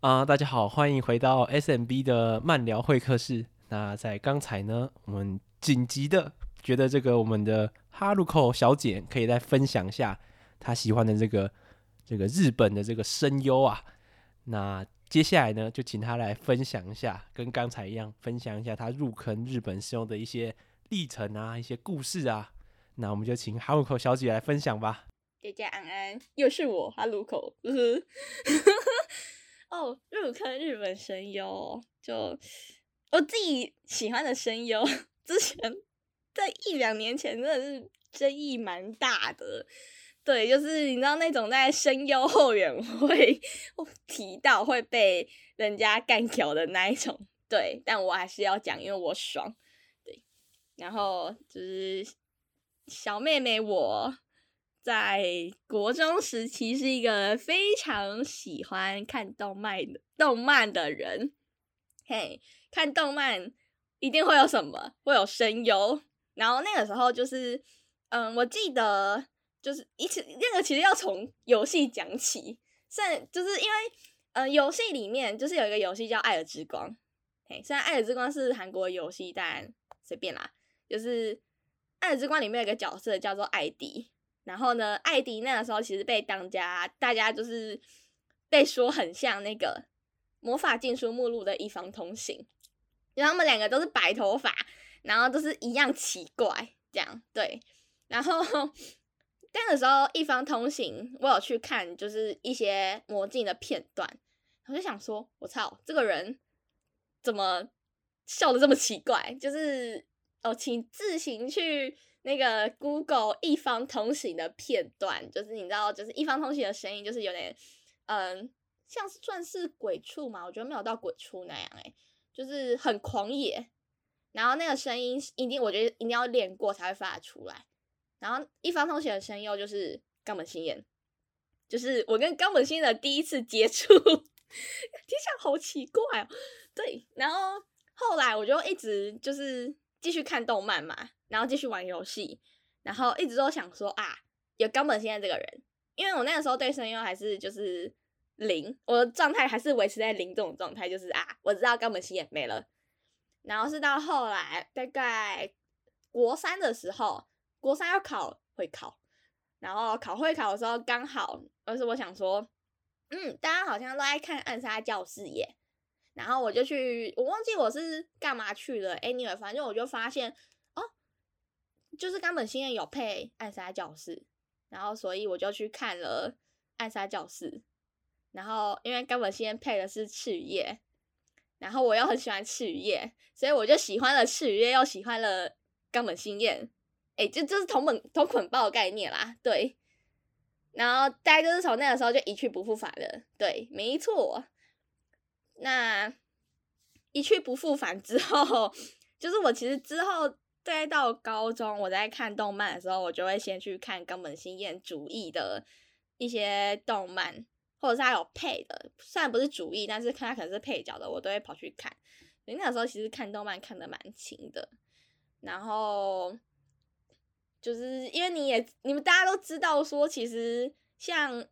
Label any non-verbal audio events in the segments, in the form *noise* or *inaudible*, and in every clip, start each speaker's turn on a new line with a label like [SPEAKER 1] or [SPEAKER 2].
[SPEAKER 1] 啊，大家好，歡迎回到 S M B 的慢聊會客室。那在剛才呢，我們緊急的覺得這個我們的 Haruko 小姐可以來分享一下她喜歡的這個這個日本的這個聲優啊。那接下來呢，就請她來分享一下，跟剛才一樣，分享一下她入坑日本聲優的一些歷程啊，一些故事啊。那我們就請 Haruko 小姐來分享吧。
[SPEAKER 2] 大家安安，又是我 Haruko。呵呵 *laughs* 哦，入坑日本聲優，就我自己喜歡的聲優，之前在一兩年前真的是爭議蠻大的，對，就是你知道那種在聲優後援會提到會被人家幹掉的那一種，對，但我還是要講，因為我爽，對，然後就是小妹妹我。在國中時期是一個非常喜歡看動漫的動漫的人，嘿、hey,，看動漫一定會有什麼，會有聲優，然後那個時候就是，嗯，我記得就是一其那個其實要從遊戲講起，算就是因為，嗯，遊戲裡面就是有一個遊戲叫《艾爾之光》，嘿、hey,，雖然《艾爾之光》是韓國遊戲，但隨便啦，就是《艾爾之光》裡面有一個角色叫做艾迪。然後呢，艾迪那個時候其實被當家，大家就是被說很像那個魔法禁書目錄的一方通行，因為他們兩個都是白頭髮，然後都是一樣奇怪這樣。對，然後那個時候一方通行，我有去看就是一些魔鏡的片段，我就想說，我操，這個人怎麼笑得這麼奇怪？就是哦，我請自行去。那個 Google 一方通行的片段，就是你知道，就是一方通行的聲音，就是有點，嗯、呃，像是算是鬼畜嘛，我覺得沒有到鬼畜那樣，欸，哎，就是很狂野。然後那個聲音一定，我覺得一定要練過才會發出來。然後一方通行的聲音，又就是岡本信彥，就是我跟岡本信彥的第一次接觸， *laughs* 聽起來好奇怪，喔。對，然後後來我就一直就是。繼續看動漫嘛，然後繼續玩遊戲，然後一直都想說啊，有岡本信彥這個人，因為我那個時候對聲優還是就是零，我的狀態還是維持在零這種狀態，就是啊，我知道岡本信彥沒了。然後是到後來大概國三的時候，國三要考會考，然後考會考的時候剛好，而、就是我想說，嗯，大家好像都愛看《暗殺教室》耶。然後我就去，我忘記我是幹嘛去了。哎，anyway 反正我就發現哦，就是岡本信彥有配暗殺教室，然後所以我就去看了暗殺教室。然後因為岡本信彥配的是赤羽業，然後我又很喜歡赤羽業，所以我就喜歡了赤羽業，又喜歡了岡本信彥。哎，這就，就是同本同捆包概念啦，對。然後大概就是從那個時候就一去不復返了，對，沒錯。那一去不復返之後，就是我其實之後再到高中，我在看動漫的時候，我就會先去看岡本信彥主演的一些動漫，或者是他有配的，雖然不是主演，但是看他可能是配角的，我都會跑去看。所以那時候其實看動漫看的蠻勤的，然後就是因為你也你們大家都知道說，其實像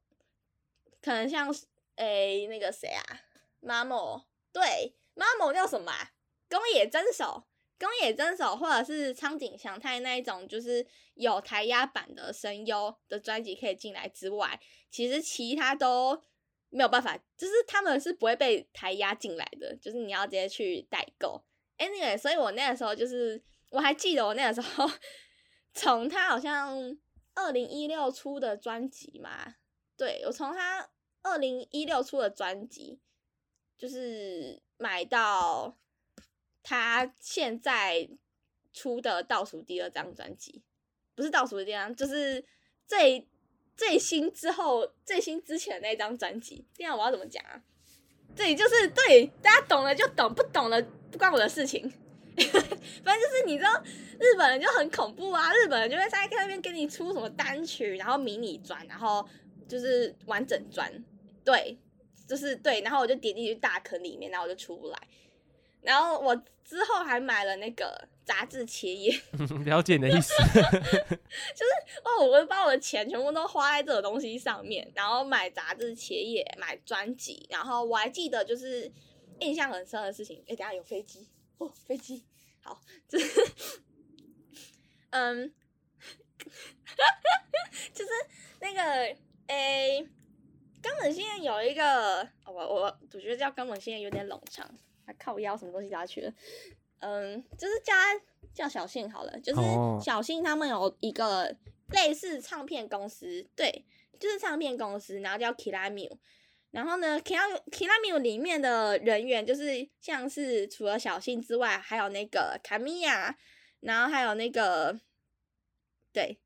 [SPEAKER 2] 可能像誒、欸、那個誰啊？Mamo 對 Mamo 叫什麼啊？宮野真守、宮野真守或者是蒼井翔太那一種，就是有台壓版的聲優的專輯可以進來之外，其實其他都沒有辦法，就是他們是不會被台壓進來的，就是你要直接去代購。Anyway，那個，所以我那個時候就是我還記得我那個時候從他好像二零一六出的專輯嘛，對，我從他二零一六出的專輯。就是買到他現在出的倒數第二張專輯，不是倒數第二張，就是最最新之後，最新之前的那張專輯。這樣我要怎麼講啊？對，就是對，大家懂了就懂，不懂了不關我的事情。 *laughs* 反正就是你知道，日本人就很恐怖啊，日本人就會在那邊給你出什麼單曲，然後迷你專，然後就是完整專，對。就是對，然後我就點進去大坑裡面，然後我就出不來。然後我之後還買了那個雜誌切頁、
[SPEAKER 1] 嗯，了解的意思。
[SPEAKER 2] *laughs* 就是哦，我會把我的錢全部都花在這個東西上面，然後買雜誌切頁，買專輯。然後我還記得，就是印象很深的事情。哎，等下有飛機哦，飛機好，就是嗯， *laughs* 就是那個哎。誒根本信彥有一個，我我主角叫岡本信彥有點冗長，他靠腰什麼東西拉去了，嗯，就是他叫，叫小信好了，就是小信他們有一個類似唱片公司，對，就是唱片公司，然後叫 Kiramune，然後呢 Kiramune Kiramune 裡面的人員就是像是除了小信之外，還有那個卡米亞，然後還有那個對。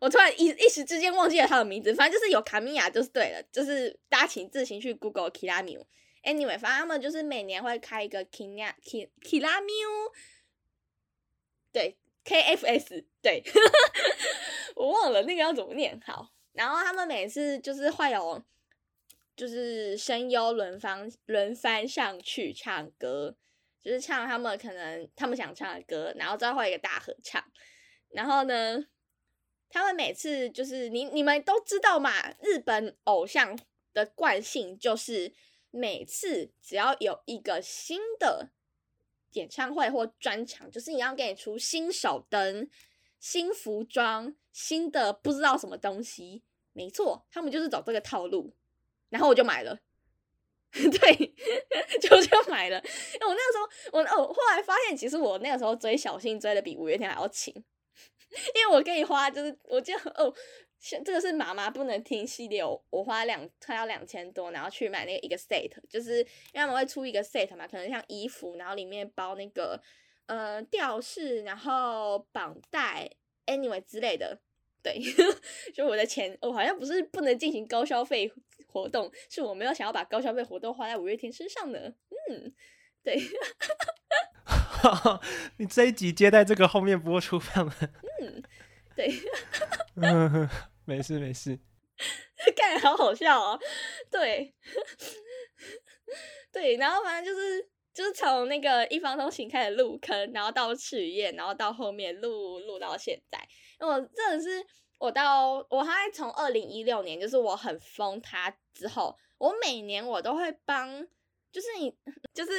[SPEAKER 2] 我突然一一時之間忘記了他的名字，反正就是有卡米亞就是對了，就是大家請自行去 Google Kiramune Anyway，反正他們就是每年會開一個 Kiramune 對 KFS，對，fs, 對 *laughs* 我忘了那個要怎麼念好。然後他們每次就是會有，就是聲優輪方輪番上去唱歌，就是唱他們可能他們想唱的歌，然後最後一個大合唱，然後呢？他們每次就是你你們都知道嘛，日本偶像的慣性就是每次只要有一個新的演唱會或專場，就是你要給你出新手燈，新服裝、新的不知道什麼東西。沒錯，他們就是走這個套路，然後我就買了， *laughs* 對， *laughs* 就就買了。我那個時候，我哦，我後來發現其實我那個時候追小幸追的比五月天還要勤。因為我可以花，就是我就哦像，這個是媽媽不能聽系列，我，我花兩，花要兩千多，然後去買那個一個 set，就是因為他們會出一個 set 嘛，可能像衣服，然後裡面包那個呃吊飾，然後綁帶，anyway 之類的，對，就我的錢，我、哦、好像不是不能進行高消費活動，是我沒有想要把高消費活動花在五月天身上呢，嗯。對，
[SPEAKER 1] *laughs* *laughs* 你這一集接在這個後面播出，嗯，
[SPEAKER 2] 對， *laughs* *laughs* 嗯，
[SPEAKER 1] 沒事沒事，
[SPEAKER 2] 看好好笑哦，對， *laughs* 對，然後反正就是就是從那個一方通行開始入坑，然後到赤焰，然後到後面錄錄，錄到現在，我真的是我到我還從二零一六年就是我很瘋他之後，我每年我都會幫，就是你就是。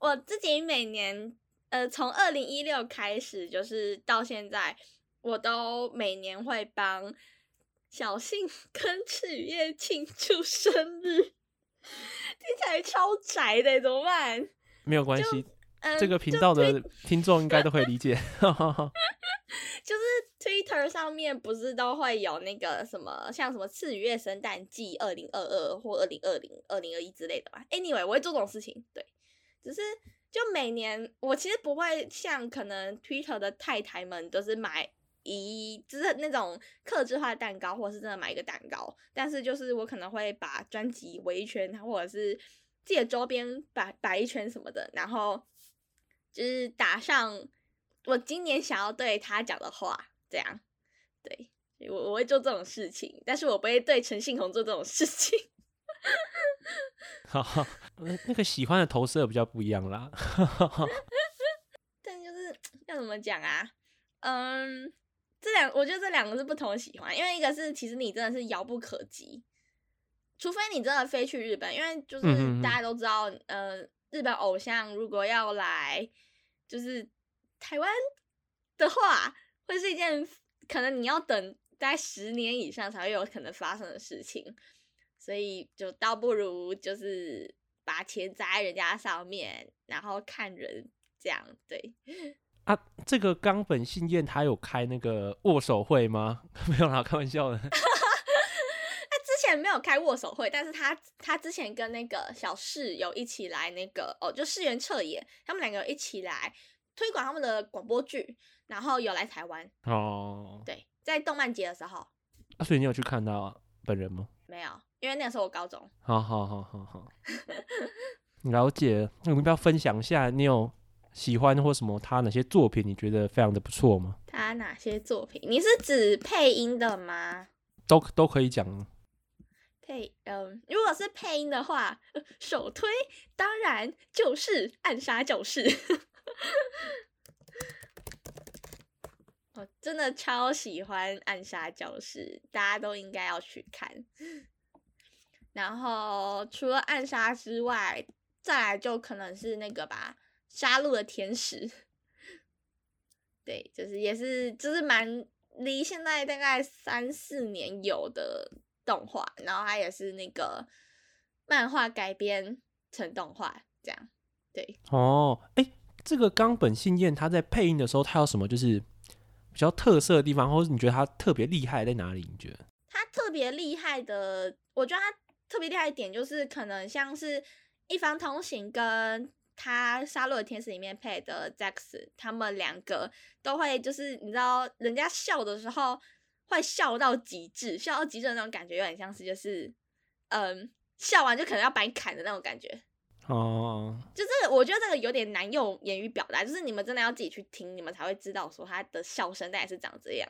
[SPEAKER 2] 我自己每年，呃，從二零一六開始，就是到現在，我都每年會幫小信跟赤羽業慶祝生日，聽起來超宅的，怎麼辦？
[SPEAKER 1] 沒有關係，就嗯、這個頻道的聽眾應該都會理解。
[SPEAKER 2] 就是 Twitter 上面不是都會有那個什麼，像什麼赤羽業生誕祭二零二二或二零二零二零二一之類的嘛？Anyway，我會做這種事情，對。只是就每年，我其實不會像可能 Twitter 的太太們都是買一，就是那種客製化的蛋糕，或是真的買一個蛋糕。但是就是我可能會把專輯圍一圈，或者是自己的周邊擺擺一圈什麼的，然後就是打上我今年想要對他講的話，這樣。對，我我會做這種事情，但是我不會對陳信宏做這種事情。
[SPEAKER 1] 哈哈， *laughs* *laughs* 那個喜歡的投射比較不一樣啦 *laughs* 。
[SPEAKER 2] *laughs* 但就是要怎麼講啊？嗯，這兩，我覺得這兩個是不同的喜歡，因為一個是其實你真的是遙不可及，除非你真的飛去日本，因為就是大家都知道，嗯嗯嗯呃，日本偶像如果要來就是台灣的話，會是一件可能你要等在十年以上才會有可能發生的事情。所以就倒不如就是把錢砸在人家上面，然後看人這樣，對。
[SPEAKER 1] 啊，這個岡本信彥他有開那個握手會嗎？ *laughs* 沒有啦，開玩笑的。 *laughs* 他
[SPEAKER 2] 之前沒有開握手會，但是他他之前跟那個小室有一起來那個哦，就世元徹演，他們兩個有一起來推廣他們的廣播劇，然後有來台灣
[SPEAKER 1] 哦。
[SPEAKER 2] 對，在動漫節的時候。
[SPEAKER 1] 啊，所以你有去看到本人嗎？
[SPEAKER 2] 沒有。因為那個時候我高中。
[SPEAKER 1] 好好好好好。 *laughs* 了解了，那我們要不要分享一下，你有喜歡或什麼他哪些作品，你覺得非常的不錯嗎？
[SPEAKER 2] 他哪些作品？你是指配音的嗎？
[SPEAKER 1] 都都可以講。
[SPEAKER 2] 配嗯、呃，如果是配音的話，首推當然就是《暗殺教室。》 *laughs* 我真的超喜歡《暗殺教室》，大家都應該要去看。然後除了暗殺之外，再來就可能是那個吧，殺戮的天使，對，就是也是就是蠻離現在大概三四年有的動畫，然後它也是那個漫畫改編成動畫這樣，對。
[SPEAKER 1] 哦，哎、欸，這個岡本信彥他在配音的時候，他有什麼就是比較特色的地方，或者你覺得他特別厲害在哪裡？你覺
[SPEAKER 2] 得他特別厲害的，我覺得他。特別厲害一點就是，可能像是《一方通行》跟他《殺戮的天使》裡面配的 Zack，他們兩個都會就是，你知道，人家笑的時候會笑到極致，笑到極致的那種感覺，有點像是就是，嗯，笑完就可能要把你砍的那種感覺。
[SPEAKER 1] 哦，
[SPEAKER 2] 就是、這個、我覺得這個有點難用言語表達，就是你們真的要自己去聽，你們才會知道說他的笑聲大概是長這樣。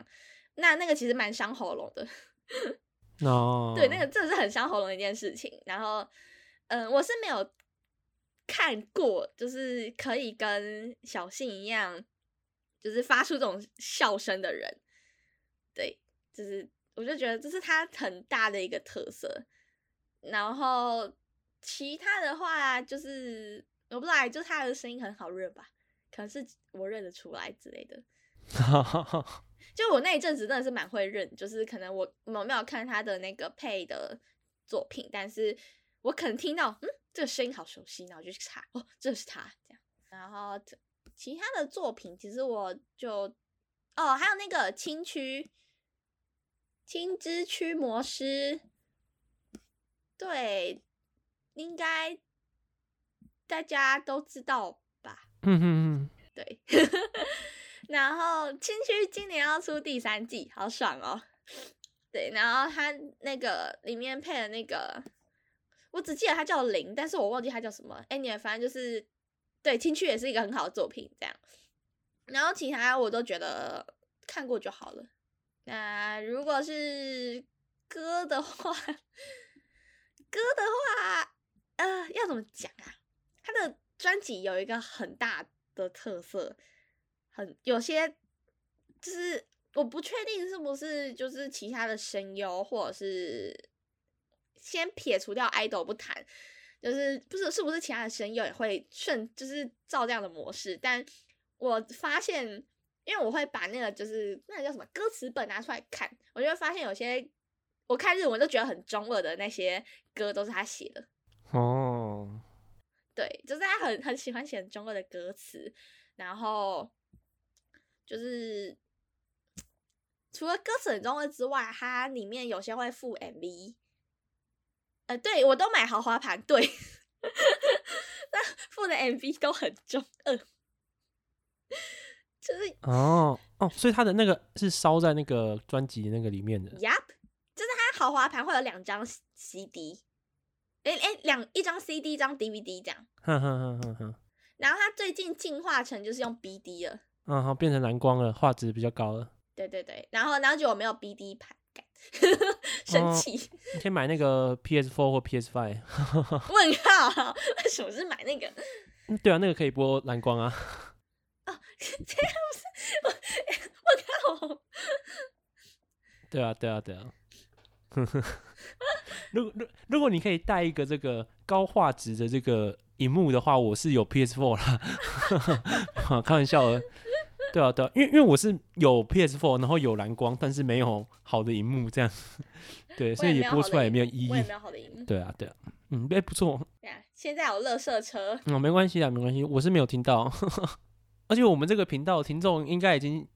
[SPEAKER 2] 那那個其實蠻傷喉嚨的。 *laughs* 哦，No. 對，那個真的是很傷喉嚨的一件事情。然後，嗯，我是沒有看過，就是可以跟小信一樣，就是發出這種笑聲的人。對，就是我就覺得這是他很大的一個特色。然後其他的話就是我不知道，就是他的聲音很好認吧，可能是我認得出來之類的。 *laughs* 就我那一陣子真的是蠻會認，就是可能我我沒有看他的那個配的作品，但是我可能聽到，嗯，這個聲音好熟悉，然後我就去查，哦，這是他這樣。然後其他的作品，其實我就，哦，還有那個青驅，青之驅魔師，對，應該大家都知道吧？嗯嗯嗯，對。 *laughs* 然後青曲今年要出第三季，好爽哦！對，然後他那個裡面配的那個，我只記得他叫林，但是我忘記他叫什麼。哎，你反正就是對青曲也是一個很好的作品這樣。然後其他我都覺得看過就好了。那如果是歌的話，歌的話，呃，要怎麼講啊？他的專輯有一個很大的特色。很有些，就是我不確定是不是就是其他的聲優，或者是先撇除掉 idol 不談，就是不是，是不是其他的聲優也會順，就是照這樣的模式？但我發現，因為我會把那個就是那個叫什麼歌詞本拿出來看，我就會發現有些我看日文都覺得很中二的那些歌都是他寫的
[SPEAKER 1] 哦，Oh.
[SPEAKER 2] 對，就是他很很喜歡寫中二的歌詞，然後。就是除了歌詞中二之外，它裡面有些會附 MV，呃，對我都買豪華盤，對，那 *laughs* 附的 MV 都很中二、嗯，就是哦
[SPEAKER 1] 哦，oh, oh, 所以它的那個是燒在那個專輯那個裡面的，
[SPEAKER 2] 呀，yep, 就是它豪華盤會有兩張 CD，哎哎，兩、欸欸、一張 CD 一張 DVD 這樣，
[SPEAKER 1] *laughs*
[SPEAKER 2] 然後它最近進化成就是用 BD 了。
[SPEAKER 1] 嗯，好，變成藍光了，畫質比較高了。
[SPEAKER 2] 對對對，然後然後就我沒有 BD 盤，生氣、哦。你
[SPEAKER 1] 可以買那個 PS4 或 PS5。
[SPEAKER 2] 問號、啊？為什麼是買那個、嗯？
[SPEAKER 1] 對啊，那個可以播藍光啊。啊、
[SPEAKER 2] 哦，這樣子，我我靠、啊！
[SPEAKER 1] 對啊對啊對啊。 *laughs* 如果如如果你可以帶一個這個高畫質的這個熒幕的話，我是有 PS4 啦 *laughs* 好，開玩笑。對啊對啊，因為因為我是有 PS4，然後有藍光，但是沒有好的熒幕這樣，對，所以也播出來也沒有意義。沒有好的熒幕。對啊對啊，嗯，欸、不錯。對
[SPEAKER 2] 啊，現在有樂色車。
[SPEAKER 1] 哦、嗯，沒關係啊，沒關係，我是沒有聽到，呵呵，而且我們這個頻道的聽眾應該已經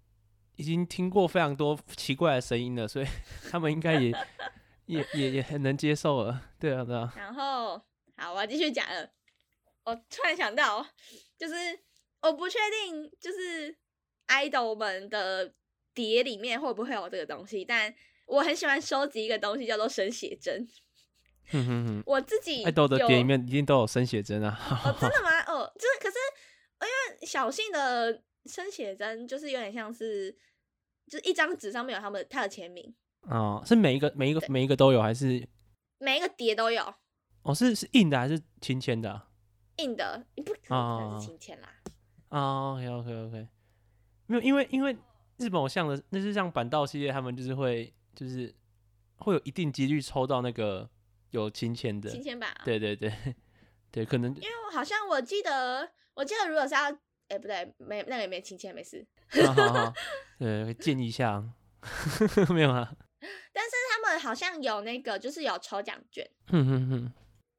[SPEAKER 1] 已經聽過非常多奇怪的聲音了，所以他們應該也 *laughs* 也也也很能接受了。對啊對啊。然
[SPEAKER 2] 後，好，我要繼續講了。我突然想到，就是我不確定，就是。愛豆們的碟裡面會不會有這個東西？但我很喜歡收集一個東西，叫做生寫真。
[SPEAKER 1] 哼哼哼！ *music* 我自己愛豆的碟裡面一定都有生寫真啊、 *laughs*
[SPEAKER 2] 哦！真的嗎？哦，就是可是因為小信的生寫真就是有點像是就是一張紙上面有他們他的簽名。
[SPEAKER 1] 哦，是每一個每一個對每一個都有還是？
[SPEAKER 2] 每一個碟都有。
[SPEAKER 1] 哦，是是印的還是親簽的？
[SPEAKER 2] 印的，不
[SPEAKER 1] 可能、哦、是親簽啦。哦 OK OK OK, okay。沒有，因為因為日本偶像的，那、就是像板道系列，他們就是會就是會有一定幾率抽到那個有親簽的親簽版，哦，對對對對，對，可能因
[SPEAKER 2] 為我好像我記得我記得，如果是要哎不對，沒那個也沒親簽，沒事，
[SPEAKER 1] 對建議一下， *laughs* 沒有啊。
[SPEAKER 2] 但是他們好像有那個，就是有抽獎券， *laughs*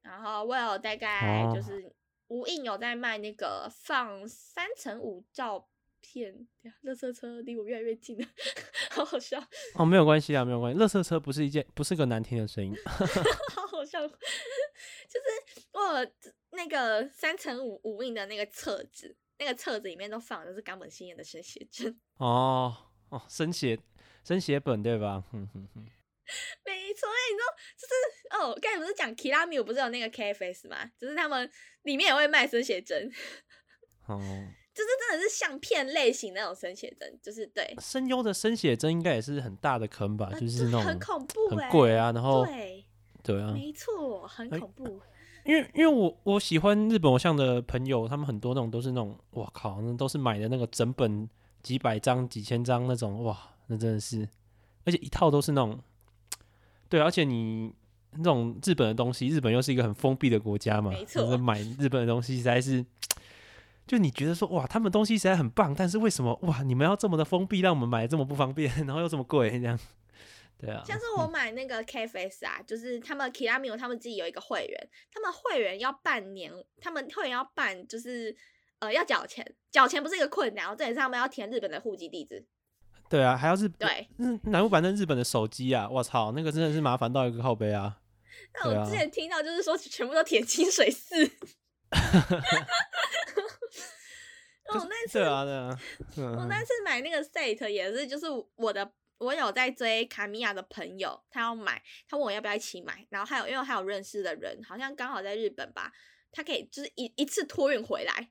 [SPEAKER 1] 然
[SPEAKER 2] 後我有大概就是、哦、無印有在賣那個放三乘五照。天、啊，垃圾車離我越來越近了，好好
[SPEAKER 1] 笑哦，沒有關係啊，沒有關係，垃圾車不是一件，不是個難聽的聲音，
[SPEAKER 2] 好好笑， *laughs* *laughs* 就是我那個三乘五五印的那個冊子，那個冊子裡面都放的是岡本信彥的生寫真
[SPEAKER 1] 哦哦，生寫生寫本對吧？哼、嗯、哼
[SPEAKER 2] 哼，沒錯、欸，你說就是哦，剛才不是講提拉米，我不是有那個 K F S 嗎？就是他們裡面也會賣生寫真哦。 *laughs* 就是真的是相片類型那種生寫真，就是對
[SPEAKER 1] 聲優的生寫真應該也是很大的坑吧？啊、就是那種很恐怖、欸，很貴啊。然後對對啊，沒
[SPEAKER 2] 錯，很恐怖。
[SPEAKER 1] 哎、因為因為我我喜歡日本偶像的朋友，他們很多那種都是那種，哇靠，那都是買的那個整本幾百張、幾千張那種，哇，那真的是，而且一套都是那種。對，而且你那種日本的東西，日本又是一個很封閉的國家嘛，沒錯錯，買日本的東西實在是。就你覺得說哇，他們東西實在很棒，但是為什麼哇，你們要這麼的封閉，讓我們買這麼不方便，然後又這麼貴這樣？對啊。像是
[SPEAKER 2] 我買那個 KFS 啊，嗯、就是他們 Kiramio 他們自己有一個會員，他們會員要半年，他們會員要辦就是呃要繳錢，繳錢不是一個困難，這也是他們要填日本的戶籍地址。
[SPEAKER 1] 對啊，還要是，
[SPEAKER 2] 對那
[SPEAKER 1] 南不反正日本的手機啊，我操，那個真的是麻煩到一個靠背啊。啊那我之前
[SPEAKER 2] 聽到就是說，全部都填清水寺。 *laughs* 哦，我那次對
[SPEAKER 1] 啊，對啊，我那次
[SPEAKER 2] 買那個 set 也是，就是我的，我有在追卡米亞的朋友，他要買，他問我要不要一起買，然後還有，因為還有認識的人，好像剛好在日本吧，他可以就是一一次托運回來，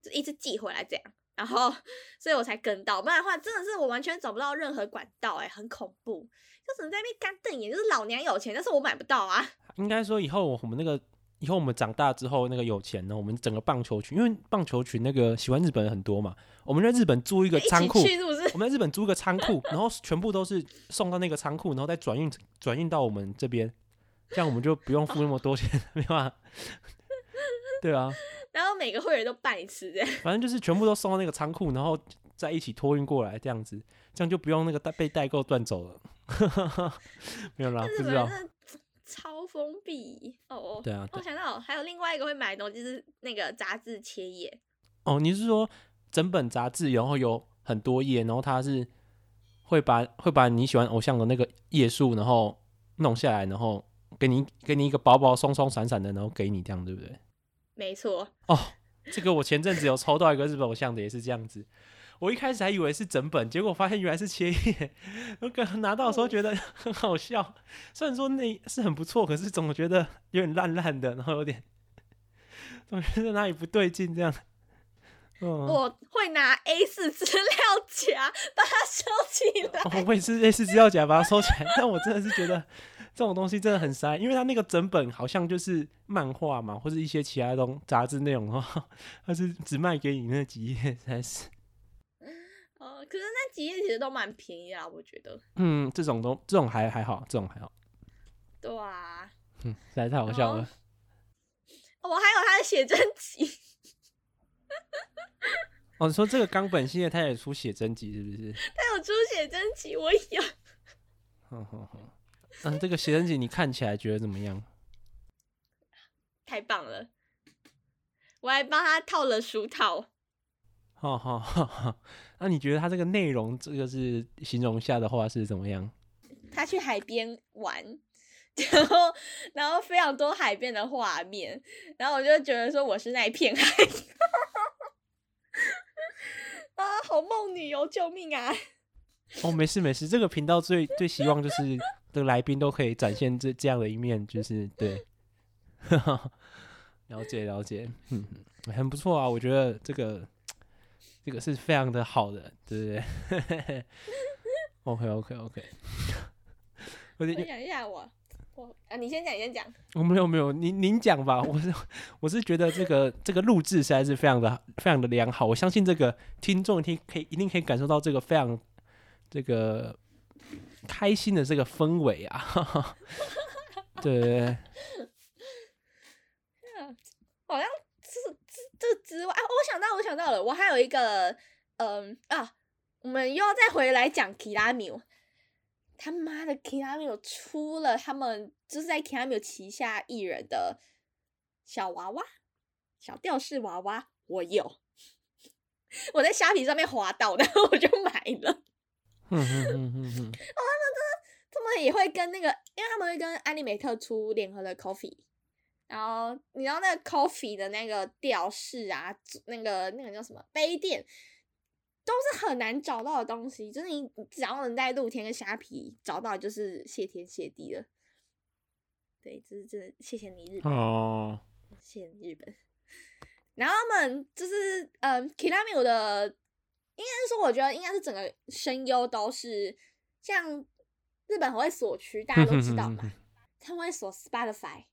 [SPEAKER 2] 就一次寄回來這樣，然後所以我才跟到，不然的話真的是我完全找不到任何管道，哎，很恐怖，就只能在那邊乾瞪眼，就是老娘有錢，但是我買不到啊。
[SPEAKER 1] 應該說以後我們那個。以後我們長大之後，那個有錢呢？我們整個棒球群，因為棒球群那個喜歡日本人很多嘛，我們在日本租一個倉庫，我們在日本租一個倉庫，然後全部都是送到那個倉庫，然後再轉運轉運到我們這邊，這樣我們就不用付那麼多錢，對吧？對啊。
[SPEAKER 2] 然後每個會員都拜一次，
[SPEAKER 1] 反正就是全部都送到那個倉庫，然後再一起托運過來，這樣子，這樣就不用那個代被代購賺走了，沒有啦、啊，不知道。
[SPEAKER 2] 超封閉哦哦，對啊，哦、對，我想到還有另外一個會買的東西，就是那個雜誌切頁。
[SPEAKER 1] 哦，你是說整本雜誌，然後有很多頁，然後它是會把會把你喜歡偶像的那個頁數，然後弄下來，然後給你給你一個薄薄、鬆鬆、散散的，然後給你這樣，對不對？
[SPEAKER 2] 沒錯。哦，
[SPEAKER 1] 這個我前陣子有抽到一個日本偶像的， *laughs* 也是這樣子。我一開始還以為是整本，結果發現原來是切頁。我剛拿到的時候覺得很好笑，雖然說那是很不錯，可是總覺得有點爛爛的，然後有點總覺得哪裡不對勁這樣。嗯、呃，我
[SPEAKER 2] 會拿 A 四資料夾把它收起來。喔、
[SPEAKER 1] 我也是 A 四資料夾把它收起來， *laughs* 但我真的是覺得這種東西真的很塞，因為它那個整本好像就是漫畫嘛，或者一些其他東雜誌內容的話呵呵，它是只賣給你那幾頁才是。呵呵
[SPEAKER 2] 哦、呃，可是那幾頁其實都蠻便宜啊，我覺得。
[SPEAKER 1] 嗯，這種都，這種還還好，這種還好。
[SPEAKER 2] 對啊。嗯，
[SPEAKER 1] 實在太好笑了、
[SPEAKER 2] 哦哦。我還有他的寫真集。
[SPEAKER 1] *laughs* 哦，你說這個岡本信彥他也出寫真集是不是？
[SPEAKER 2] 他有出寫真集，我有。嗯嗯
[SPEAKER 1] 嗯。嗯、啊，這個寫真集你看起來覺得怎麼樣？
[SPEAKER 2] 太棒了！我還幫他套了書套。
[SPEAKER 1] 好好好，那、哦哦哦啊、你覺得他這個內容，這個是形容下的話是怎麼樣？
[SPEAKER 2] 他去海邊玩，然後然後非常多海邊的畫面，然後我就覺得說我是那一片海， *laughs* 啊，好夢女哦，救命啊！
[SPEAKER 1] 哦，沒事沒事，這個頻道最最希望就是的來賓都可以展現這這樣的一面，就是對， *laughs* 了解了解，嗯，很不錯啊，我覺得這個。這個是非常的好的，對不對？OK，OK，OK。 *laughs* okay, okay, okay. *laughs* 我講一
[SPEAKER 2] 下我，我我啊，你先講，你先講。
[SPEAKER 1] 我、哦、沒有，沒有，您您講吧。我是我是覺得這個 *laughs* 這個錄制實在是非常的非常的良好，我相信這個聽眾聽可以一定可以感受到這個非常這個開心的這個氛圍啊。 *laughs* 對對對。是
[SPEAKER 2] 啊，好像。這之外、啊，我想到，我想到了，我還有一個，嗯啊，我們又要再回來講 Kiramune 他媽的 Kiramune 出了他們就是在 Kiramune 旗下藝人的小娃娃，小吊飾娃娃，我有，我在蝦皮上面滑到，然後我就買了。嗯嗯嗯嗯，他們真的，他們也會跟那個，因為他們會跟安利美特出聯合的 coffee。然後你知道那個 coffee 的那個吊飾啊，那個那個叫什麼杯墊，都是很難找到的東西。就是你只要能在露天跟蝦皮找到，就是謝天謝地了。對，這就是真的，謝謝你日本，Hello. 謝謝你日本。然後他們就是呃，Kilamu 的，應該是說我覺得應該是整個聲優都是像日本很會鎖區，大家都知道嘛， *laughs* 他們會鎖 Spotify。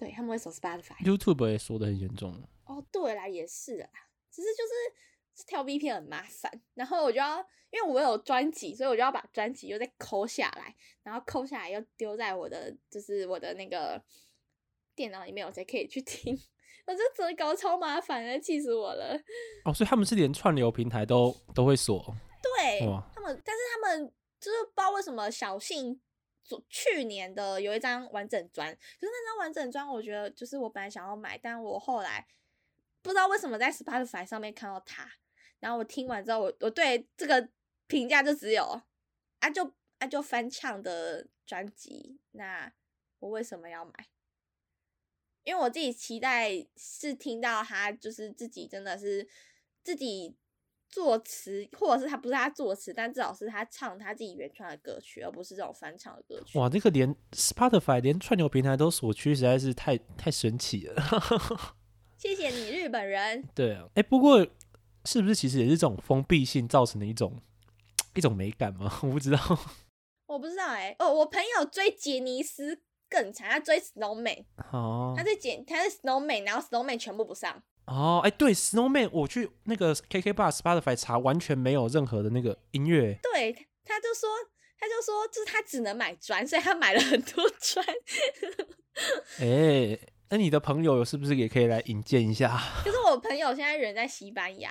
[SPEAKER 2] 對，他們會鎖 Spotify，YouTube
[SPEAKER 1] 也鎖的很嚴重
[SPEAKER 2] 哦。啊，oh, 對啦，也是啦，只是就是，是跳 VPN 很麻煩，然後我就要，因為我有專輯，所以我就要把專輯又再摳下來，然後摳下來又丟在我的，就是我的那個電腦裡面，我才可以去聽。 *laughs* 我這怎麼搞超麻煩的。欸，氣死我了。
[SPEAKER 1] 哦，所以他們是連串流平台都都會鎖。
[SPEAKER 2] 對，哇他們，但是他們就是不知道為什麼小信，就去年的有一張完整專，可、就是那張完整專，我覺得就是我本來想要買，但我後來不知道為什麼在 Spotify 上面看到它，然後我聽完之後我，我我對這個評價就只有啊就啊就翻唱的專輯，那我為什麼要買？因為我自己期待是聽到他就是自己真的是自己。作詞，或者是他不是他作詞，但至少是他唱他自己原創的歌曲，而不是這種翻唱的歌
[SPEAKER 1] 曲。哇，這個連 Spotify 連串流平台都鎖區，實在是太太神奇了。
[SPEAKER 2] *laughs* 謝謝你，日本人。
[SPEAKER 1] 對啊，哎、欸，不過是不是其實也是這種封閉性造成的一種一種美感嗎？我不知道，
[SPEAKER 2] 我不知道、欸。哎，哦，我朋友追傑尼斯更慘，他追 Snowman，哦，他在剪，他在 Snowman，然後 Snowman 全部不上。
[SPEAKER 1] 哦，哎、欸，對，Snowman，我去那個 KK bar Spotify 查，完全沒有任何的那個音樂、
[SPEAKER 2] 欸。對，他就說，他就說，就是他只能買專，所以他買了很多專。
[SPEAKER 1] 哎、 *laughs* 欸，那、欸、你的朋友是不是也可以來引薦一下？
[SPEAKER 2] 就是我朋友現在人在西班牙。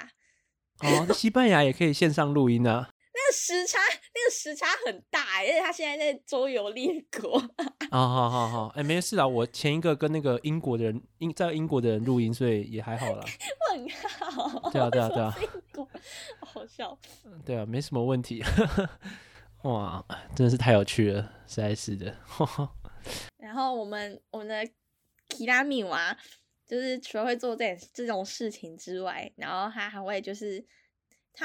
[SPEAKER 1] 哦，那西班牙也可以線上錄音啊。 *laughs*
[SPEAKER 2] 那個時差，那個時差很大，而且他現在在周遊列
[SPEAKER 1] 國。好好好，哎，沒事啦，我前一個跟那個英國的人，英在英國的人錄音，所以也還好了，
[SPEAKER 2] 很好。對啊，對啊，對啊。英國 *laughs* 好笑。對
[SPEAKER 1] 啊，沒什麼問題。 *laughs* 哇，真的是太有趣了，實在是的。
[SPEAKER 2] *laughs* 然後我們我們的提拉米娃，就是除了會做這這種事情之外，然後他還會就是。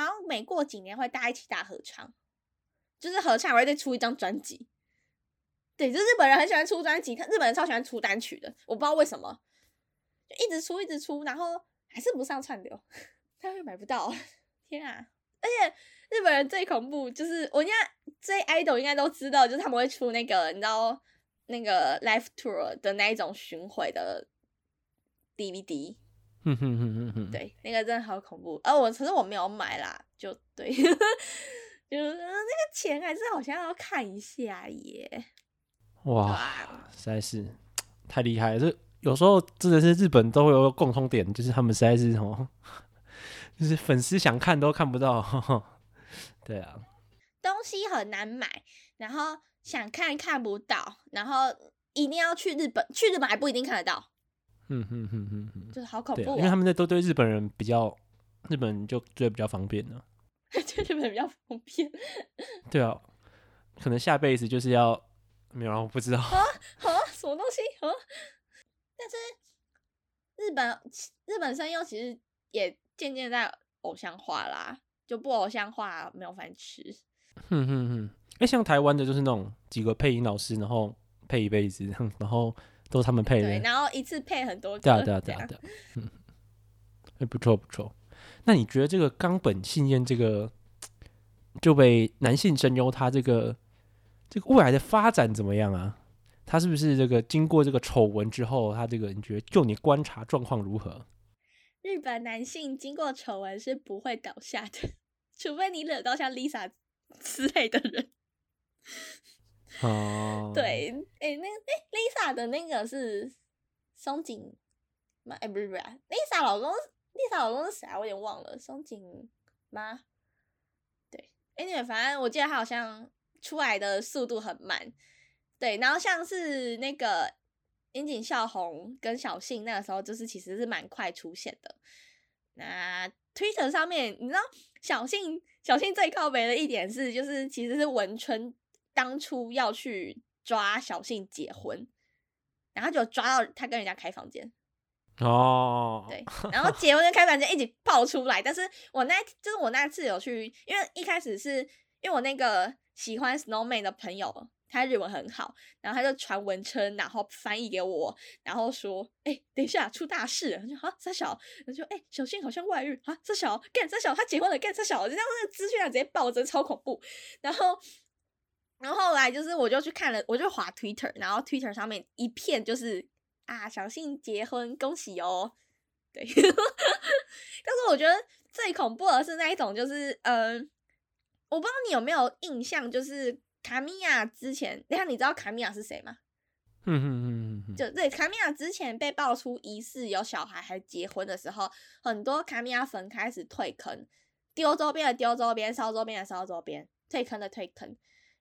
[SPEAKER 2] 好像每過幾年會大家一起大合唱，就是合唱，還會再出一張專輯。對，就日本人很喜歡出專輯，他日本人超喜歡出單曲的，我不知道為什麼，就一直出，一直出，然後還是不上串流，他又買不到。天啊！而且日本人最恐怖，就是我應該追 idol 應該都知道，就是他們會出那個你知道那個 live tour 的那一種巡回的 DVD。哼哼哼哼哼， *laughs* 對，那個真的好恐怖。呃、啊，我可是我沒有買啦，就對， *laughs* 就是、啊、那個錢還是好像要看一下耶。哇，實
[SPEAKER 1] 在是太厲害了！就有時候真的是日本都會有個共通點，就是他們實在是什麼，就是粉絲想看都看不到。 *laughs* 對啊，
[SPEAKER 2] 東西很難買，然後想看看不到，然後一定要去日本，去日本還不一定看得到。嗯哼哼
[SPEAKER 1] 哼。就是好恐怖、啊啊，因為他們那都對日本人比較，日本就覺得比較方便呢、啊，
[SPEAKER 2] 對 *laughs* 日本人比較方便。
[SPEAKER 1] 對啊，可能下輩子就是要沒有、啊，我不知道。
[SPEAKER 2] 啊啊，什麼東西啊？但是日本日本聲優其實也漸漸在偶像化啦，就不偶像化沒有飯吃。
[SPEAKER 1] 哼哼哼，那、欸、像台灣的就是那種幾個配音老師，然後配一輩子，然後。都是他們配的、嗯對，然後一次配很多個，對啊，對啊，樣對啊，對啊，嗯，欸、不錯不錯。那你覺得這個岡本信彥這個就被男性聲優，他這個這個未來的發展怎麼樣啊？他是不是這個經過這個醜聞之後，他這個你覺得就你觀察狀況如何？
[SPEAKER 2] 日本男性經過醜聞是不會倒下的，除非你惹到像 Lisa 之類的人。哦，對，誒、欸，那誒、欸、Lisa 的那個是松井媽，哎、欸，不是不是啊，Lisa 老公，Lisa 老公是誰？我有點忘了，松井嗎。對，哎、欸，你們反正我記得他好像出來的速度很慢。對，然後像是那個櫻井孝宏跟小幸那個時候，就是其實是蠻快出現的。那 Twitter 上面，你知道小幸，小幸最靠北的一點是，就是其實是文春。當初要去抓小信結婚，然後就抓到他跟人家開房間
[SPEAKER 1] 哦，oh.
[SPEAKER 2] 對，然後結婚跟開房間一起爆出來。 *laughs* 但是我那，就是我那次有去，因為一開始是因為我那個喜歡 Snowman 的朋友，他日文很好，然後他就傳文稱，然後翻譯給我，然後說：“哎、欸，等一下出大事了。我就”他說：“蛤，這小孩。就”他說：“哎，小信好像外遇啊，這小孩，幹這小孩，他結婚了，幹這小孩，然後那個資訊量直接暴增，超恐怖。”然後。然後後來就是，我就去看了，我就滑 Twitter，然後 Twitter 上面一片就是啊，小信結婚，恭喜哦、喔，對。 *laughs* 但是我覺得最恐怖的是那一種，就是嗯，我不知道你有沒有印象，就是卡米亞之前，你看你知道卡米亞是誰嗎？嗯嗯嗯就對，卡米亞之前被爆出疑似有小孩還結婚的時候，很多卡米亞粉開始退坑，丟周邊的丟周邊，燒周邊的燒周邊，退坑的退坑。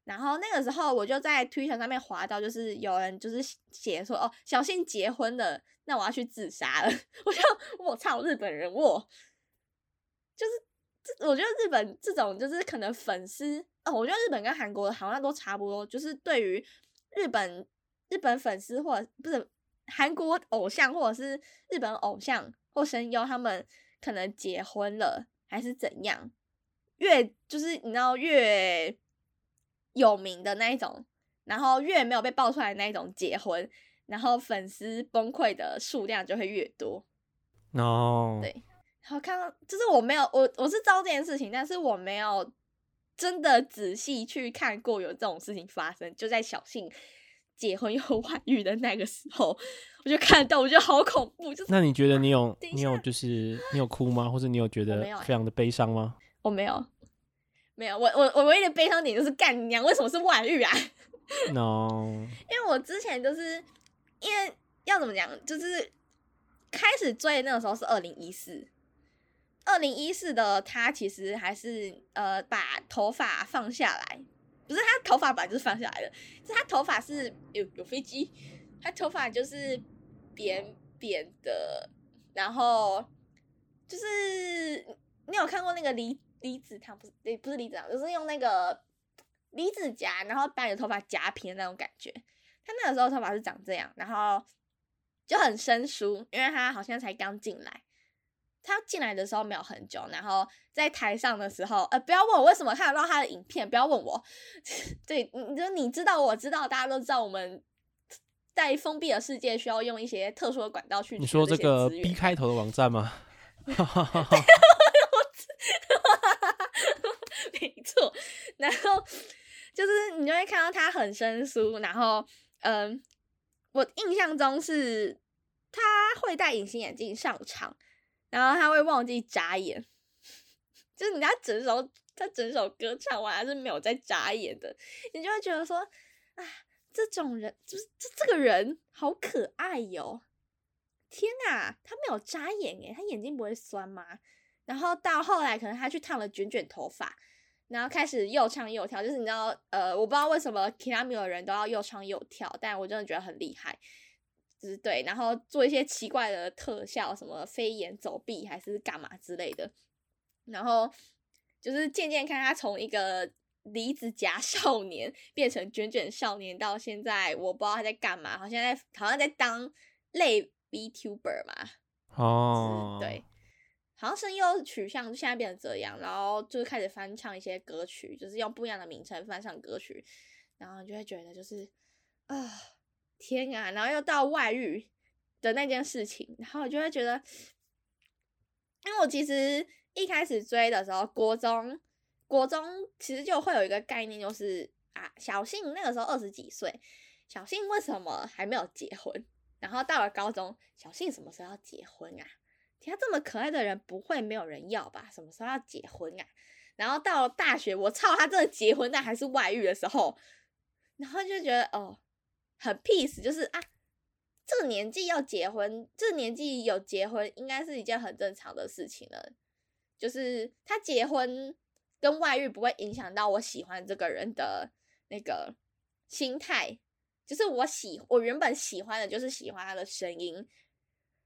[SPEAKER 2] 然後那個時候，我就在推特上面滑到，就是有人就是寫說，哦，小信結婚了，那我要去自殺了。我就我操日本人，我就是我覺得日本這種就是可能粉絲哦，我覺得日本跟韓國的好像都差不多，就是對於日本日本粉絲或者不是韓國偶像或者是日本偶像或聲優他們可能結婚了還是怎樣，越就是你知道越。有名的那一種，然後越沒有被爆出來那一種結婚，然後粉絲崩潰的數量就會越多。哦，No. 對，好看到就是我沒有我我是知道這件事情，但是我沒有真的仔細去看過有這種事情發生。就在小幸結婚又外遇的那個時候，我就看到我覺得好恐怖。就
[SPEAKER 1] 是那你覺得你有、啊、你有就是你有哭嗎？或者你有覺得非常的悲傷嗎？我、
[SPEAKER 2] 欸？我沒有。沒有，我我我唯一的悲傷點就是乾娘為什麼是外遇啊 *laughs*
[SPEAKER 1] ？no，
[SPEAKER 2] 因為我之前就是因為要怎麼講，就是開始追的那個時候是二零一四，二零一四的他其實還是呃把頭髮放下來，不是他頭髮本來就是放下來的，是他頭髮是有、欸、有飛機，他頭髮就是扁扁的，然後就是你有看過那個離。離子燙不是，也不是離子燙，就是用那個離子夾，然後把你的頭髮夾平那種感覺。他那個時候頭髮是長這樣，然後就很生疏，因為他好像才剛進來，他進來的時候沒有很久。然後在台上的時候，呃，不要問我為什麼看得到他的影片，不要問我。 *laughs* 對，你就你知道，我知道，大家都知道，我們在封閉的世界需要用一些特殊的管道去。你說這個 B
[SPEAKER 1] 開頭的網站嗎？哈哈哈哈哈。
[SPEAKER 2] 哈哈哈哈哈， *laughs* 沒錯。然後就是你就會看到他很生疏，然後，嗯、呃，我印象中是他會戴隱形眼鏡上場，然後他會忘記眨眼，就是你他整首他整首歌唱完還是沒有再眨眼的，你就會覺得說，啊，這種人就是這這個人好可愛喲、哦！天啊，他沒有眨眼欸，他眼睛不會酸嗎？然後到後來，可能他去燙了卷卷頭髮，然後開始又唱又跳，就是你知道，呃，我不知道為什麼其他沒有人都要又唱又跳，但我真的覺得很厲害，就是對，然後做一些奇怪的特效，什麼飛檐走壁還是幹嘛之類的，然後就是漸漸看他從一個離子夾少年變成卷卷少年，到現在我不知道他在幹嘛，好像在好像在當類 VTuber 嘛，
[SPEAKER 1] 哦、oh.，對。
[SPEAKER 2] 然後聲音又取向，現在變成這樣，然後就開始翻唱一些歌曲，就是用不一樣的名稱翻唱歌曲，然後你就會覺得就是啊、呃，天啊！然後又到外遇的那件事情，然後你就會覺得，因為我其實一開始追的時候，國中，國中其實就會有一個概念，就是啊，小信那個時候二十幾歲，小信為什麼還沒有結婚？然後到了高中，小信什麼時候要結婚啊？他這麼可愛的人，不會沒有人要吧？什麼時候要結婚啊？然後到了大學，我操，他真的結婚，但還是外遇的時候，然後就覺得哦，很 peace，就是啊，這個年紀要結婚，這個年紀有結婚，應該是一件很正常的事情了。就是他結婚跟外遇不會影響到我喜歡這個人的那個心態，就是我喜我原本喜歡的就是喜歡他的聲音。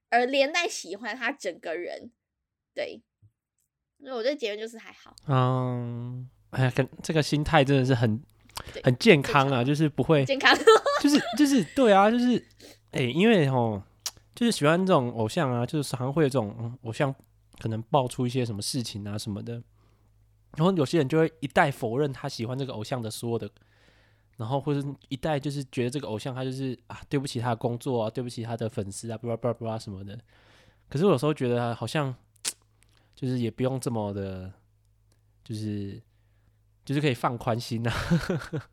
[SPEAKER 2] 而連帶喜歡他整個人，對，那我覺得結論就是
[SPEAKER 1] 還好。嗯，哎、欸、呀，跟這個心態真的是很對很健康啊，常就是不會健康， *laughs* 就是就是對啊，就是哎、欸，因為吼，就是喜歡這種偶像啊，就是常會有這種偶像可能爆出一些什麼事情啊什麼的，然後有些人就會一概否認他喜歡這個偶像的所有的。然後或是一代就是覺得這個偶像他就是啊，對不起他的工作啊，對不起他的粉絲啊，不啦不啦不啦什麼的，可是我有時候覺得好像就是也不用這麼的，就是就是可以放寬心吶、啊，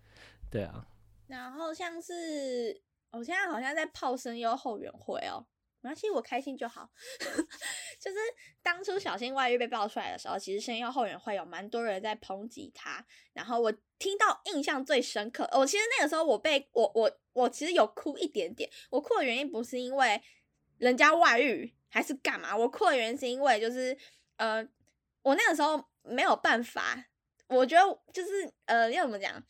[SPEAKER 1] *laughs* 對啊。
[SPEAKER 2] 然後像是我現在好像在泡聲優後援會哦。其實我開心就好， *laughs* 就是當初小心外遇被爆出來的時候，其實聲優後，後援會有蠻多人在抨擊他，然後我聽到印象最深刻，我其實那個時候我被我我我其實有哭一點點，我哭的原因不是因為人家外遇還是幹嘛，我哭的原因是因為就是呃，我那個時候沒有辦法，我覺得就是呃，要怎麼講，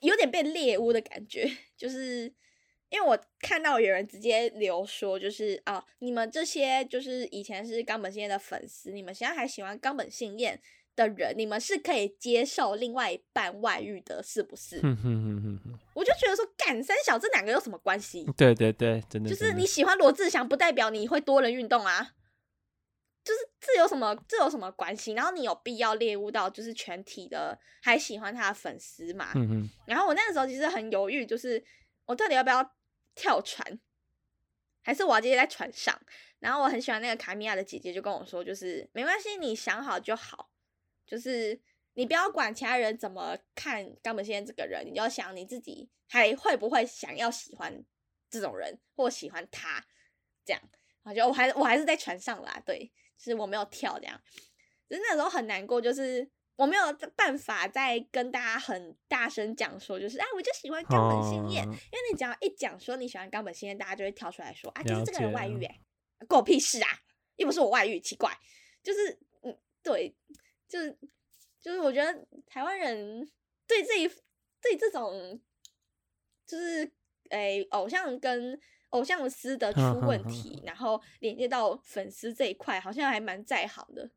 [SPEAKER 2] 有點被獵巫的感覺，就是。因為我看到有人直接留說，就是啊，你們這些就是以前是岡本信彥的粉絲，你們現在還喜歡岡本信彥的人，你們是可以接受另外一半外遇的，是不是？ *laughs* 我就覺得說，幹三小這兩個有什麼關係？
[SPEAKER 1] 對對對，真的，真的。就是你喜歡
[SPEAKER 2] 羅志祥，不代表你會多人運動啊，就是這有什麼這有什麼關係？然後你有必要獵巫到就是全體的還喜歡他的粉絲嘛？ *laughs* 然後我那個時候其實很猶豫，就是我到底要不要。跳船，還是我直接在船上。然後我很喜歡那個卡米亞的姐姐就跟我說，就是沒關係，你想好就好，就是你不要管其他人怎麼看岡本先生這個人，你要想你自己還會不會想要喜歡這種人或喜歡他這樣。然後就我還是我還是在船上啦，對，就是我沒有跳這樣，就是那時候很難過，就是。我沒有辦法再跟大家很大聲講說，就是啊，我就喜歡岡本信彥，oh. 因為你只要一講說你喜歡岡本信彥，大家就會跳出來說啊，就是這個人外遇哎，狗解屁事啊，又不是我外遇，奇怪，就是嗯，對，就是就是我覺得台灣人對這一對這種就是誒、欸、偶像跟偶像的私德出問題，呵呵呵，然後連接到粉絲這一塊，好像還蠻在行的。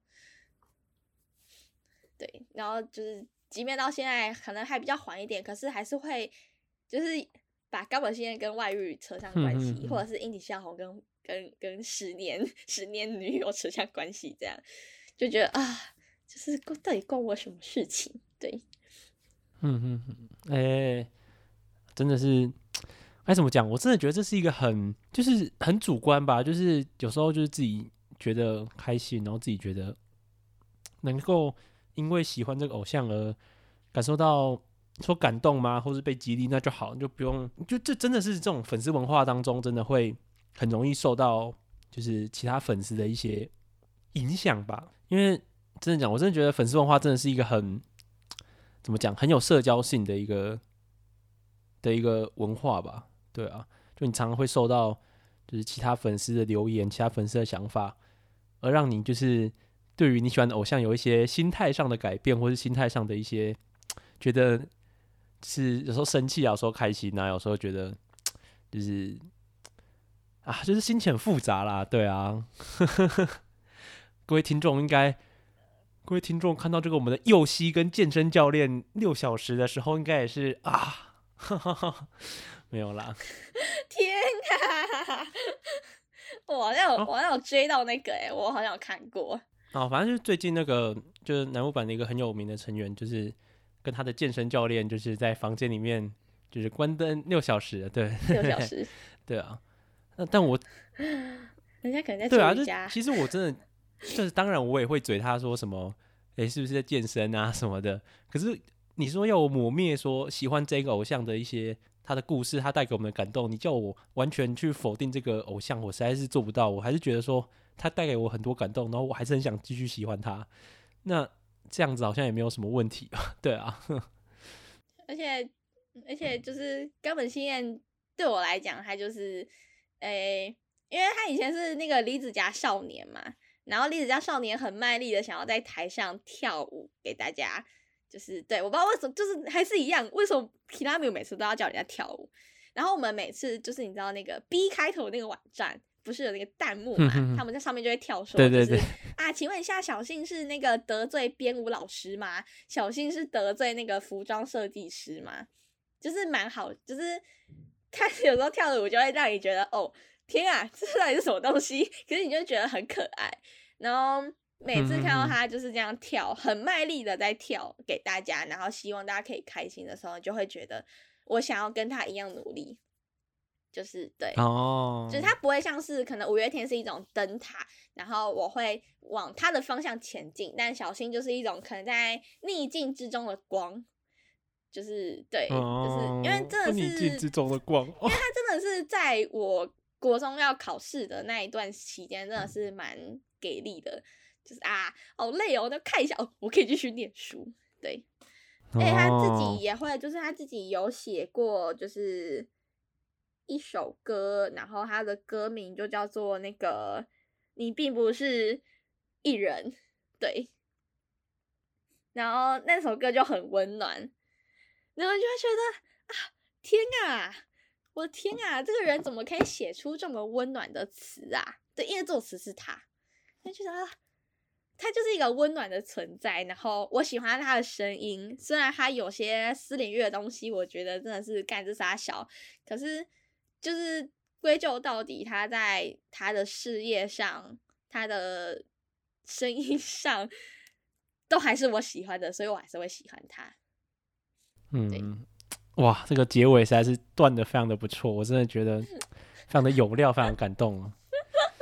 [SPEAKER 2] 對，然後就是，即便到現在可能還比較緩一點，可是還是會，就是把岡本信彥跟外遇扯上關係，嗯、或者是櫻井孝宏跟跟跟十年十年女友扯上關係，這樣就覺得啊，就是到底關我什麼事情？對，嗯
[SPEAKER 1] 嗯嗯，哎、嗯欸，真的是該怎麼講？我真的覺得這是一個很就是很主觀吧，就是有時候就是自己覺得開心，然後自己覺得能夠。因為喜歡這個偶像而感受到說感動嗎？或是被激勵，那就好，你就不用就這真的是這種粉絲文化當中真的會很容易受到就是其他粉絲的一些影響吧。因為真的講，我真的覺得粉絲文化真的是一個很怎麼講，很有社交性的一個的一個文化吧。對啊，就你常常會受到就是其他粉絲的留言、其他粉絲的想法，而讓你就是。對於你喜歡的偶像，有一些心態上的改變，或是心態上的一些覺得是有時候生氣啊，有時候開心啊，有時候覺得就是啊，就是心情很複雜啦。對啊呵呵，各位聽眾應該，各位聽眾看到這個我們的右膝跟健身教練六小時的時候，應該也是啊哈哈哈哈，沒有啦，
[SPEAKER 2] 天啊，我好像有、啊、我好像有追到那個哎、欸，我好像有看過。
[SPEAKER 1] 哦，反正就是最近那個，就是南武板的一個很有名的成員，就是跟他的健身教練，就是在房間裡面，就是關燈六小時，對，六小時， *laughs* 對啊。那但我，
[SPEAKER 2] 人家可能在做瑜伽、啊、其實
[SPEAKER 1] 我真的，就是當然我也會嘴他說什麼，誒，是不是在健身啊什麼的。可是你說要我抹滅說喜歡這個偶像的一些他的故事，他帶給我們的感動，你叫我完全去否定這個偶像，我實在是做不到。我還是覺得說。他帶給我很多感動，然後我還是很想繼續喜歡他。那這樣子好像也沒有什麼問題吧？對啊，
[SPEAKER 2] *laughs* 而且而且就是岡本信彥對我來講，他就是誒、欸，因為他以前是那個離子夾少年嘛，然後離子夾少年很賣力的想要在台上跳舞給大家，就是對，我不知道為什麼，就是還是一樣，為什麼其他舞每次都要叫人家跳舞？然後我們每次就是你知道那個 B 開頭那個網站。不是有那個彈幕嘛？嗯、哼他們在上面就會跳說，就是對對對啊，請問一下，小信是那個得罪編舞老師嗎？小信是得罪那個服裝設計師嗎？就是蠻好，就是看，是有時候跳的舞就會讓你覺得哦，天啊，這是，到底是什麼東西？可是你就覺得很可愛。然後每次看到他就是這樣跳，嗯、哼很賣力的在跳給大家，然後希望大家可以開心的時候，就會覺得我想要跟他一樣努力。就是對，哦、就是他不會像是可能五月天是一種燈塔，然後我會往他的方向前進。但小新就是一種可能在逆境之中的光，就是對，哦、就是因為真的是逆境之
[SPEAKER 1] 中的光，因
[SPEAKER 2] 為他真的是在我國中要考試的那一段期間，真的是蠻給力的。嗯、就是啊，好累哦，就看一下哦，我可以繼續念書。對，哦、而且他自己也會，就是他自己有寫過，就是。一首歌，然後他的歌名就叫做那個“你並不是一人”，對。然後那首歌就很溫暖，然後就會覺得啊，天啊，我的天啊，這個人怎麼可以寫出這麼溫暖的詞啊？對，因為作詞是他，就覺得他就是一個溫暖的存在。然後我喜歡他的聲音，雖然他有些私領域的東西，我覺得真的是幹這啥小，可是。就是歸咎到底，他在他的事業上，他的聲音上，都還是我喜歡的，所以我還是會喜歡他。
[SPEAKER 1] 嗯，哇，這個結尾實在是斷得非常的不錯，我真的覺得非常的有料，嗯、非常感動。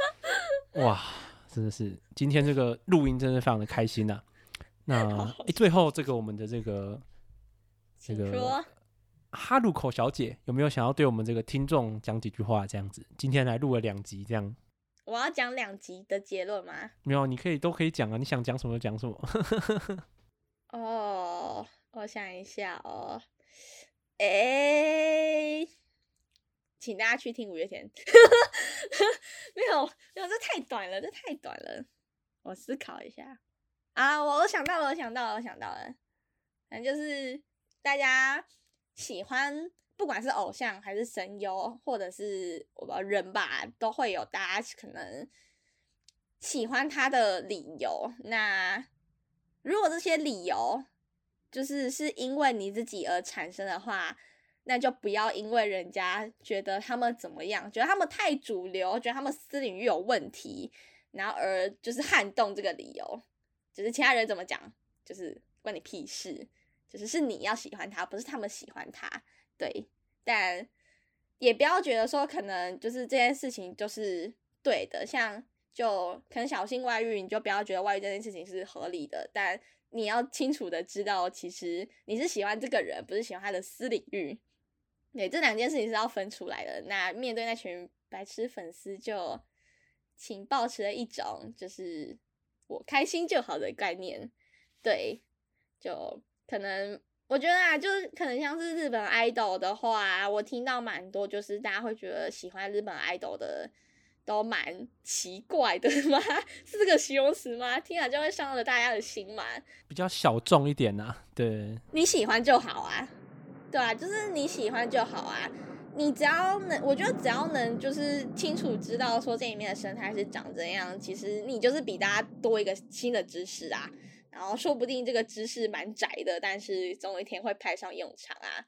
[SPEAKER 1] *laughs* 哇，真的是今天這個錄音，真的非常的開心吶、啊。那好好笑，哎，最後這個我們的這個說這個。哈路口小姐有沒有想要對我們這個聽眾講幾句話？這樣子，今天來錄了兩集，這樣。
[SPEAKER 2] 我要講兩集的結論嗎？
[SPEAKER 1] 沒有，你可以都可以講啊，你想講什麼就講什麼。
[SPEAKER 2] 哦 *laughs* ，oh, 我想一下哦，哎、欸，請大家去聽五月天。 *laughs* 沒有，沒有，這太短了，這太短了。我思考一下啊，我想到了，我想到了，我想到了。反正就是大家，喜歡不管是偶像還是聲優，或者是我們人吧，都會有大家可能喜歡他的理由。那如果這些理由就是是因為你自己而產生的話，那就不要因為人家覺得他們怎麼樣，覺得他們太主流，覺得他們私領域有問題，然後而就是撼動這個理由。就是其他人怎麼講，就是關你屁事。就是是你要喜歡他，不是他們喜歡他，對，但也不要覺得說可能就是這件事情就是對的，像就可能小心外遇，你就不要覺得外遇這件事情是合理的，但你要清楚的知道，其實你是喜歡這個人，不是喜歡他的私領域，對，這兩件事情是要分出來的。那面對那群白痴粉絲，就請保持了一種就是我開心就好的概念，對，就。可能我覺得啊，就是可能像是日本 idol 的話啊，我聽到蠻多，就是大家會覺得喜歡日本 idol 的都蠻奇怪的嗎？是這個形容詞嗎？聽了就會傷了大家的心嘛，
[SPEAKER 1] 比較小眾一點啊，對。
[SPEAKER 2] 你喜歡就好啊，對啊，就是你喜歡就好啊。你只要能，我覺得只要能就是清楚知道說這裡面的生態是長這樣，其實你就是比大家多一個新的知識啊。然後說不定這個知識蠻窄的，但是總有一天會派上用場啊！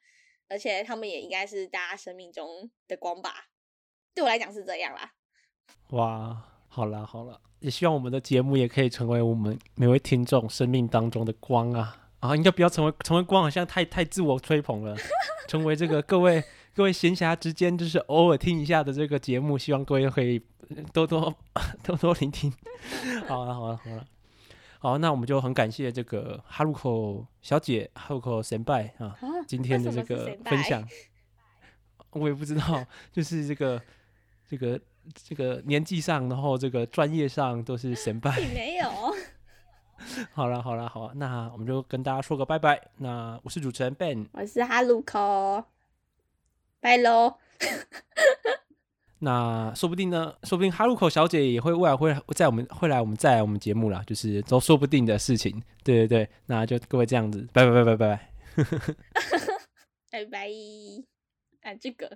[SPEAKER 2] 而且他們也應該是大家生命中的光吧？對我來講是這樣啦。
[SPEAKER 1] 哇，好了好了，也希望我們的節目也可以成為我們每位聽眾生命當中的光啊！啊，應該不要成為成為光，好像太太自我吹捧了。成為這個各位 *laughs* 各位閒暇之間就是偶爾聽一下的這個節目，希望各位可以多多多多聆聽。好了好了好了。好，那我們就很感謝這個 Haruko 小姐 Haruko 先輩啊，蛤今天的這個分享，我也不知道，就是這個 *laughs* 這個這個年紀上，然後這個專業上都是先輩，
[SPEAKER 2] 沒有。
[SPEAKER 1] *laughs* 好啦好啦好啦，那我們就跟大家說個拜拜。那我是主持人
[SPEAKER 2] Ben，我是 Haruko，拜嘍。 *laughs*
[SPEAKER 1] 那說不定呢，說不定 Haruko 小姐也會未來會來，在我們會來我們再來我們節目啦，就是都說不定的事情，對對對，那就各位這樣子，拜拜拜拜拜拜，
[SPEAKER 2] 拜拜，啊，這個。